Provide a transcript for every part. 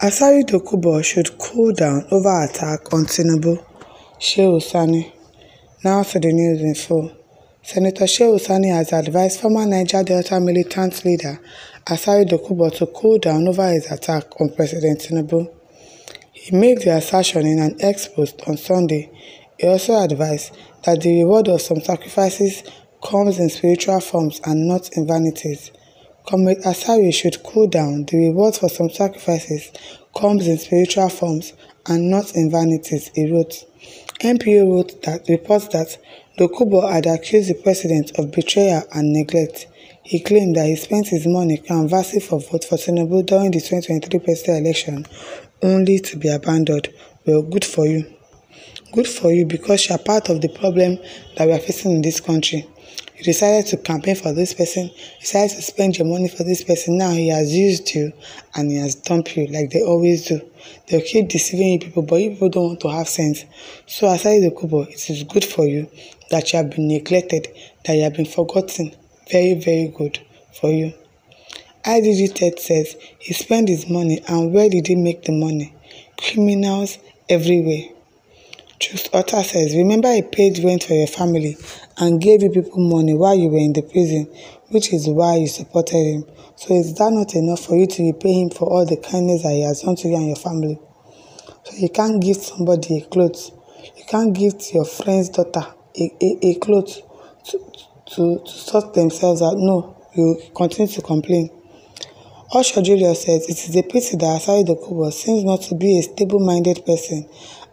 Asari-Dokubo should cool down over attack on Tinubu, Shehu Sani. Now to the news in full. Senator Shehu Sani has advised former Niger Delta militant leader Asari-Dokubo to cool down over his attack on President Tinubu. He made the assertion in an ex post on Sunday. He also advised that the reward of some sacrifices comes in spiritual forms and not in vanities. Comrade Asare should cool down, the reward for some sacrifices comes in spiritual forms and not in vanities, he wrote. MPO wrote that reports that Dokubo had accused the president of betrayal and neglect. He claimed that he spent his money canvassing for vote for Tinubu during the 2023 presidential election only to be abandoned. Well, good for you. Good for you because you are part of the problem that we are facing in this country. you decided to campaign for this person, decided to spend your money for this person. Now he has used you and he has dumped you like they always do. They'll keep deceiving you people, but you people don't want to have sense. So aside the couple, it is good for you that you have been neglected, that you have been forgotten. Very, very good for you. IDG Ted says he spent his money and where did he make the money? Criminals everywhere. Truth Otter says, remember he paid rent for your family and gave you people money while you were in the prison, which is why you supported him. So is that not enough for you to repay him for all the kindness that he has done to you and your family? So you can't give somebody a clothes. You can't give your friend's daughter a, a, a clothes to, to, to sort themselves out. No, you continue to complain. Osho Julius says, it is a pity that Asai Dokubo seems not to be a stable-minded person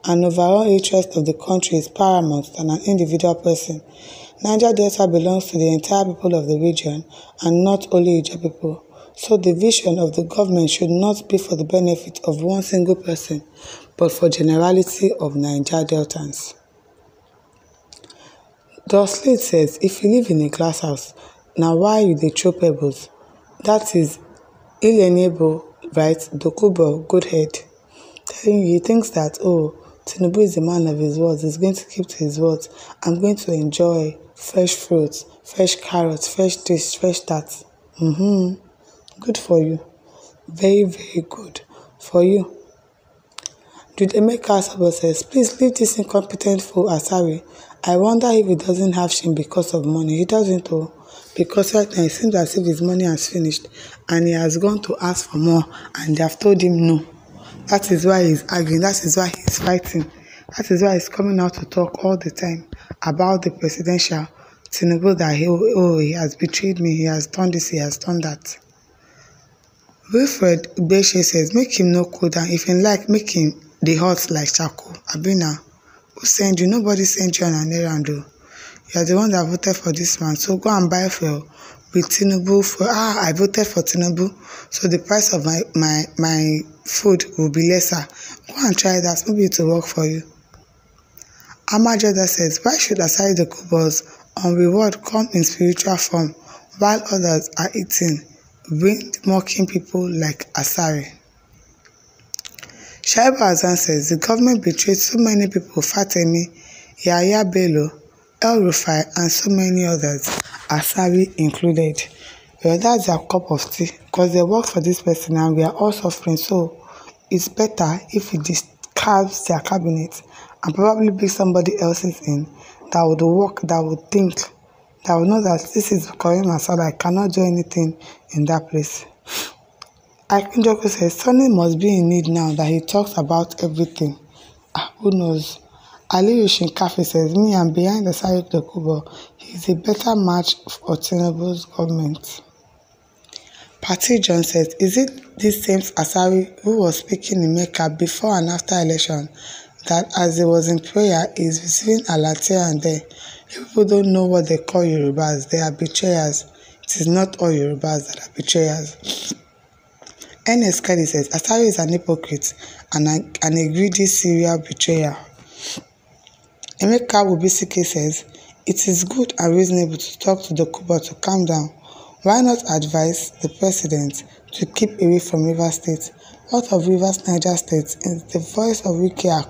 and overall interest of the country is paramount than an individual person. Niger Delta belongs to the entire people of the region and not only Ijaw people. So the vision of the government should not be for the benefit of one single person, but for generality of Niger Deltans. Dosley says, if you live in a glass house, now why you dey throw pebbles? That is Ilenebo writes, Dokubo, good head. Telling you, he thinks that, oh, Tinubu is a man of his words. He's going to keep to his words. I'm going to enjoy fresh fruits, fresh carrots, fresh this, fresh that. Mm-hmm. Good for you. Very, very good for you. Did Emeka Asaba says, please leave this incompetent fool Asari. I wonder if he doesn't have shame because of money. He doesn't though. Because right now it seems as if his money has finished and he has gone to ask for more and they have told him no. That is why he's arguing. That is why he's fighting. That is why he's coming out to talk all the time about the presidential Tinubu that he, oh, he has betrayed me, he has done this, he has done that. Wilfred Beshe says, make him no cool down. If you like, make him the hot like charcoal. Abina, who send you? Nobody sent you an errand, though. You are the one that voted for this man, so go and buy fuel with Tinubu for ah I voted for Tinubu so the price of my my my food will be lesser. Go and try that. Maybe it will work for you. Amajada says, why should aside the kubos on reward come in spiritual form while others are eating, wind mocking people like Asare. Shaibu Azan says, the government betrayed so many people, Fatemi, Yahya Bello, El Rufai, and so many others her salary included. Well, that's their cup of tea because they work for this person and we are all suffering. So it's better if he discards their cabinet and probably bring somebody else's in that would work, that would think, that would know that this is Korean Masala. I cannot do anything in that place. Akinjoko says, Sunny must be in need now that he talks about everything. Ah, who knows? Aliyu Shinkafi says me I'm behind the side Asare Doku but he's a better match for Tinubu's government. Party John says, is it this same Asari who was speaking in Mecca before and after election that as he was in prayer is receiving a latte and there? people don't know what they call Yorubas. They are betrayers. It is not all Yorubas that are betrayers. N.S. Kelly says, "Asari is an hypocrite and a, and a greedy serial betrayer. Emeka Wobisike says it is good and reasonable to talk to the Cubans to calm down. Why not advise the president to keep away from Rivers State? out of Rivers Niger State is the voice of Wike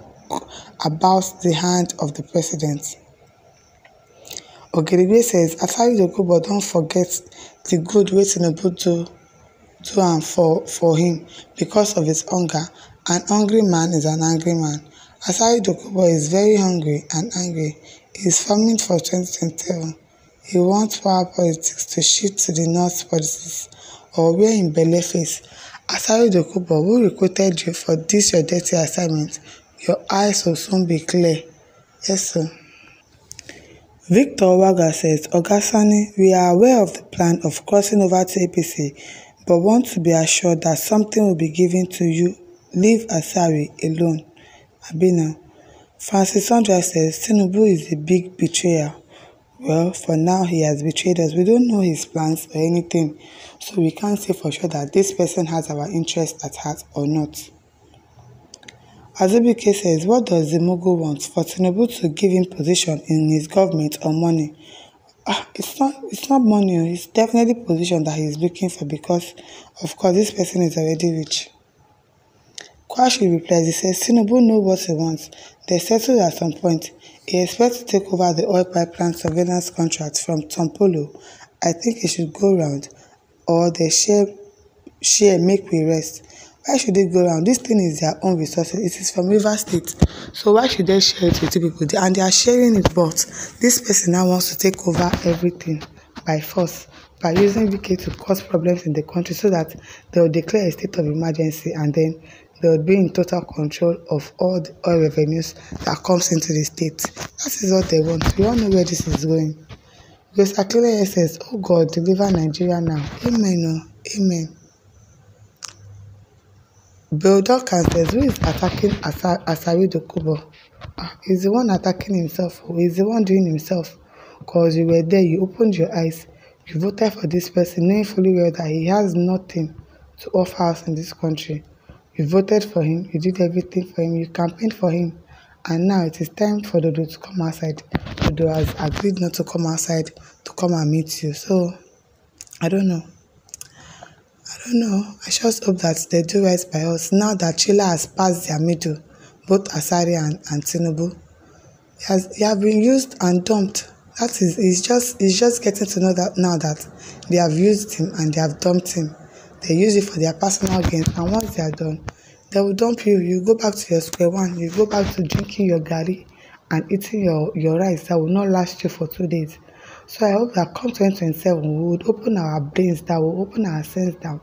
about the hand of the president? Ogerigwe says Atari the Kubo don't forget the good wey Tinubu do do am for for him because of his hunger. An hungry man is an angry man. Asari Dokubo is very hungry and angry. He is farming for 2027. He wants power politics to shift to the North policies or we're in Beleface. Asari Dokubo, who recruited you for this your dirty assignment, your eyes will soon be clear. Yes, sir. Victor Waga says, Ogasani, we are aware of the plan of crossing over to APC, but want to be assured that something will be given to you. Leave Asari alone. Abina: Francis Andrea says Tinubu is a big betrayer. Well, for now he has betrayed us. We don't know his plans or anything, so we can't say for sure that this person has our interest at heart or not. Azubike says, what does the mogul want for Tinubu to give him position in his government or money? Ah, it's not it's not money, oh. it's definitely position that he's looking for because of course this person is already rich. Kwashi replies, he says Tinubu knows what he wants. They settled at some point. He expects to take over the oil pipeline surveillance contract from Tompolo. I think he should go round or they share, share make we rest. Why should they go round? This thing is their own resources. It is from River State. So why should they share it with two people? And they are sharing it, but this person now wants to take over everything by force by using VK to cause problems in the country so that they will declare a state of emergency and then they would be in total control of all the oil revenues that comes into the state. That is what they want. We all know where this is going. Because Akile says, Oh God, deliver Nigeria now. Amen. Oh, amen. Beodorkan says, Who is attacking Asari Dokubo? Ah, he's the one attacking himself. He's the one doing himself. Because you were there, you opened your eyes, you voted for this person, knowing fully well that he has nothing to offer us in this country. You voted for him, you did everything for him, you campaigned for him, and now it is time for Dodo to come outside. Dodo has agreed not to come outside to come and meet you. So, I don't know. I don't know. I just hope that they do right by us now that Chila has passed their middle, both Asari and, and Tinubu. He has, he have been used and dumped. That is, he's just, he's just getting to know that now that they have used him and they have dumped him. They use it for their personal gain, and once they are done, they will dump you. You go back to your square one. You go back to drinking your gari and eating your, your rice that will not last you for two days. So I hope that come 2027, we would open our brains, that will open our sense down.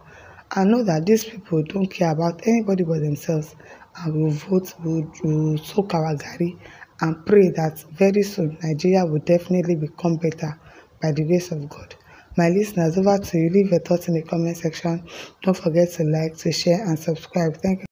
I know that these people don't care about anybody but themselves, and we will vote, we will soak our gari, and pray that very soon Nigeria will definitely become better by the grace of God. My listeners, over to you. Leave your thoughts in the comment section. Don't forget to like, to share and subscribe. Thank you.